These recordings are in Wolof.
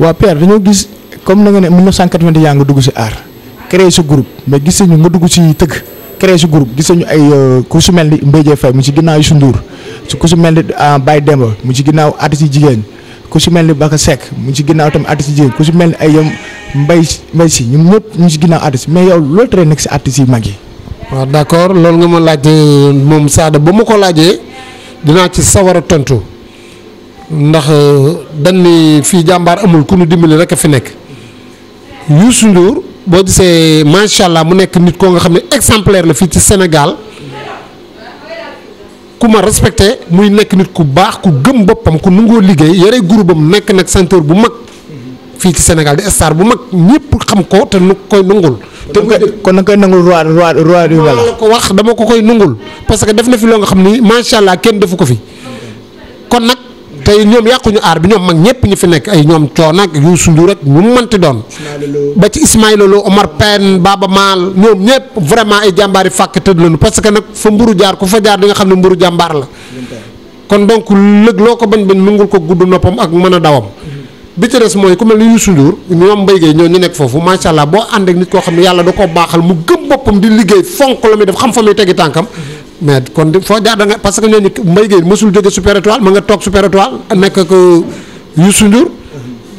wa père dañu gis comme na nga ne 1980 yaa nga dugg ci art créé ce groupe mais gis nañu nga dugg ci tëgg créé ce groupe gis nañu ay euh, ku su mel ni Mbéjee Faye mu ci ginnaw Youssou Ndour ci ku su mel ni ah, Baye Demba mu ci ginnaw artiste jigen ku su mel ni Baka Seck mu ci ginnaw tam artiste jigen ku su mel ay yam um, mbay mbay ci ñun ñep ñu ci ginnaw artiste mais yow lo tré nek ci artiste yi magi wa d'accord lool nga ma laajte euh, mom Sada ba ma ko laajee dina ci sawara a tontu. ndax euh, dañ ni fii jàmbaar amul ku ñu dimbali rek a fi nekk Youssou Ndour boo gisee macha allah mu nekk nit koo nga xam ne exemplaire la fii ci Sénégal ku ma respecté muy nekk nit ku baax ku gëm boppam ku nangoo liggéey yore groupe am nekk nag centre bu mag fii ci Sénégal di star bu mag ñëpp xam ko te nu koy nangul. te kon na koy nangul roi roi roi du bala ko wax dama ko koy nangul parce que def na fi loo nga xam ni macha allah kenn defu ko fi kon nag. tey ñoom yàquñu aar bi ñoom mag ñëpp ñu fi nekk ay ñoom Thione ak Youssou Ndour rek ñu mënti doon. ba ci Ismaïla Lo Omar Pène Baba Maal ñoom ñëpp vraiment ay jàmbaari fàkk tëdd lañu parce que nag fa mburu jaar ku fa jaar di nga xam ne mburu jàmbaar la. kon donc lëg loo ko bañ bañ nungul ko gudd noppam ak mën a dawam. bi ci des mooy ku mel ni Youssou Ndour ñoom Mbaye ñoo ñu nekk foofu macha allah boo ànd ak nit koo xam ne yàlla da koo baaxal mu gëm boppam di liggéey fonk la muy def xam fa muy tegi tànkam. mais kon fo jaar da nga parce que ñooñu mbay gay musul joge super étoile ma nga tok super étoile nek ko yusu ndur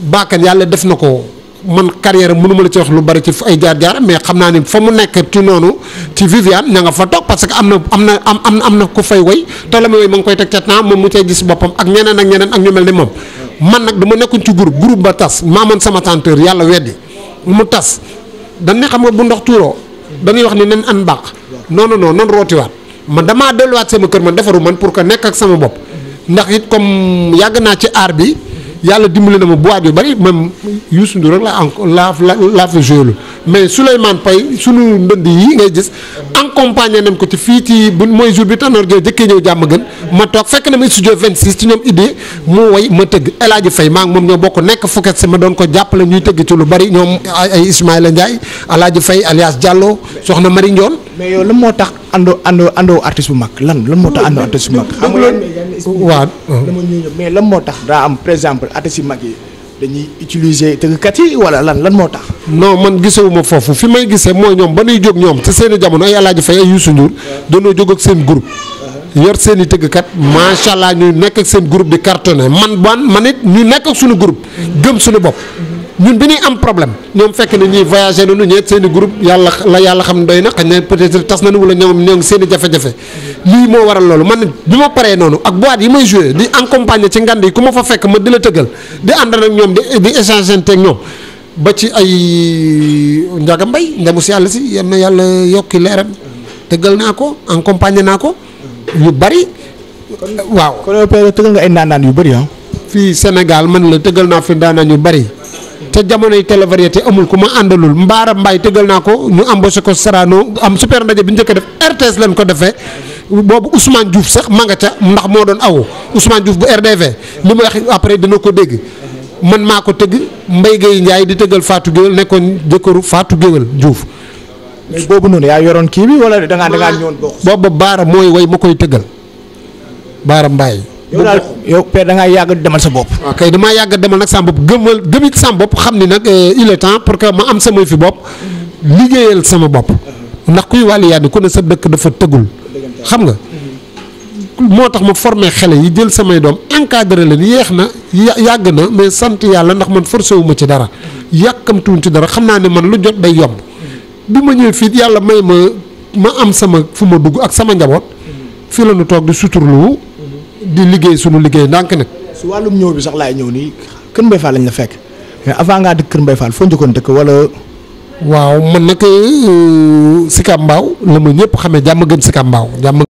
bakkan yalla def nako man carrière mënuma la ci wax lu bari ci ay jaar jaar mais xamna ni fa mu nek ci nonu ci Viviane ña nga fa tok parce que amna na am na am ku fay way to la may way ma ngi koy tek ca temps mu tay gis bopam ak ñeneen ak ñeneen ak ñu melni mom man nak dama nekkun ci groupe groupe ba ma man sama tanteur yalla weddi mu tass dañ ne xam nga bu ndox touro dañ wax ni nañ an bak non non non roti wat man dama delluwaat sama kër man defaru man pour que nekk ak sama bopp ndax it comme yàgg naa ci aar bi. yàlla dimbali na ma boîte yu bëri même Youssou Ndour rek laa en laa la laa fa joué mais Souleymane pay sunu ndënd yi ngay gis accompagné nañ ko ci fii ci bu mooy jour bi Tanor Diop jëkkee ñëw jàmm gën ma toog fekk na ma studio 26 ci ñoom idée mu way ma tëgg El Hadj Faye maa ngi moom ñoo bokk nekk fukkat si ma doon ko jàppale ñuy tëgg ci lu bëri ñoom ay Ismaïla Ndiaye El Hadj Faye alias Diallo soxna Mari Ndione mais yow lan moo tax àndoo àndoo àndoo artiste bu mag lan lan moo tax àndoo artiste bu expliqué. waaw dama ñëw ñëw mais lan moo tax daa am par exemple artistes yu mag yi dañuy utiliser tëggkat yi wala lan lan moo tax. non man gisewuma foofu fi may gisee mooy ñoom ba nuy jóg ñoom te seen i jamono ay Alaaji Faye ay Youssou Ndour. waaw jóg ak seen groupe. Uh-huh. yor seeni tëggkat macha allah ñu nekk ak seen group di cartonné man ban man it ñu nekk ak suñu groupe gëm suñu bopp. ñun bi ñuy am problème ñoom fekk na ñuy voyagé nañu ñeent seen i groupe yàlla la yàlla xam doy na xëy na peut-être tas nañu wala ñoom ñoo seeni seen i jafe-jafe lii moo waral loolu man bi ma paree noonu ak boîte yi may joué di accompagner ci ngand yi ku ma fa fekk ma di la tëggal di ànd nag ñoom di di échanger teg ñoom ba ci ay njaga mbay ndemu si yàlla si yal na yàlla yokki leeram tëggal naa ko accompagner naa ko. yu bari. waaw kon yow tëgal nga ay ndaanaan yu bari ah. fii Sénégal man la tëgal naa fi ndaanaan yu bari. te jamonoy télé variété amul ku ma àndalul Mbaara Mbaye tëgal naa ko ñu embauché ko Sarano am super ndaje bi ñu njëkk a def RTS lañ ko defee. boobu Ousmane Diouf sax ma nga ca ndax moo doon aw Ousmane Diouf bu RDV li ma wax après dina ko dégg man maa ko tëgg Mbaye Gueye Ndiaye di tëggal Fatou Guewel nekkoon jëkkëru Fatou Guewel Diouf. mais boobu noonu yaa yoroon kii bi wala da ngaa da ngaa ñëwoon bokk. boobu baara mooy way ma koy tëggal baara mbaay. yow daal yow yàgg demal sa bopp. Ah, kay damaa yàgg demal nag sama bopp gëmal gëmit sama bopp xam ni nag eh, temps pour que ma am sama fi bopp liggéeyal sama bopp ndax kuy wàllu yaa ni ku ne sa dëkk dafa tëggul xam nga. moo tax ma formé xale yi jël samay doom encadré leen yeex na yàgg na mais sant yàlla ndax man forcé wu ma ci dara yàkkamtuwuñ ci dara xam naa ne man lu jot day yomb. bi ma ñëwee fii yàlla may ma ma am sama fu ma dugg ak sama njaboot fii la toog di suturlu di liggéey sunu liggéey ndànk nag. su wàllum ñëw bi sax laay ñëw nii Kër Mbaye Fall la fekk mais avant ngaa dëkk Kër Mbaye foo njëkkoon dëkk wala. waaw man nag euh, Sicap Mbao la ma ñëpp xamee jàmm gën Sicap Mbao jàmm.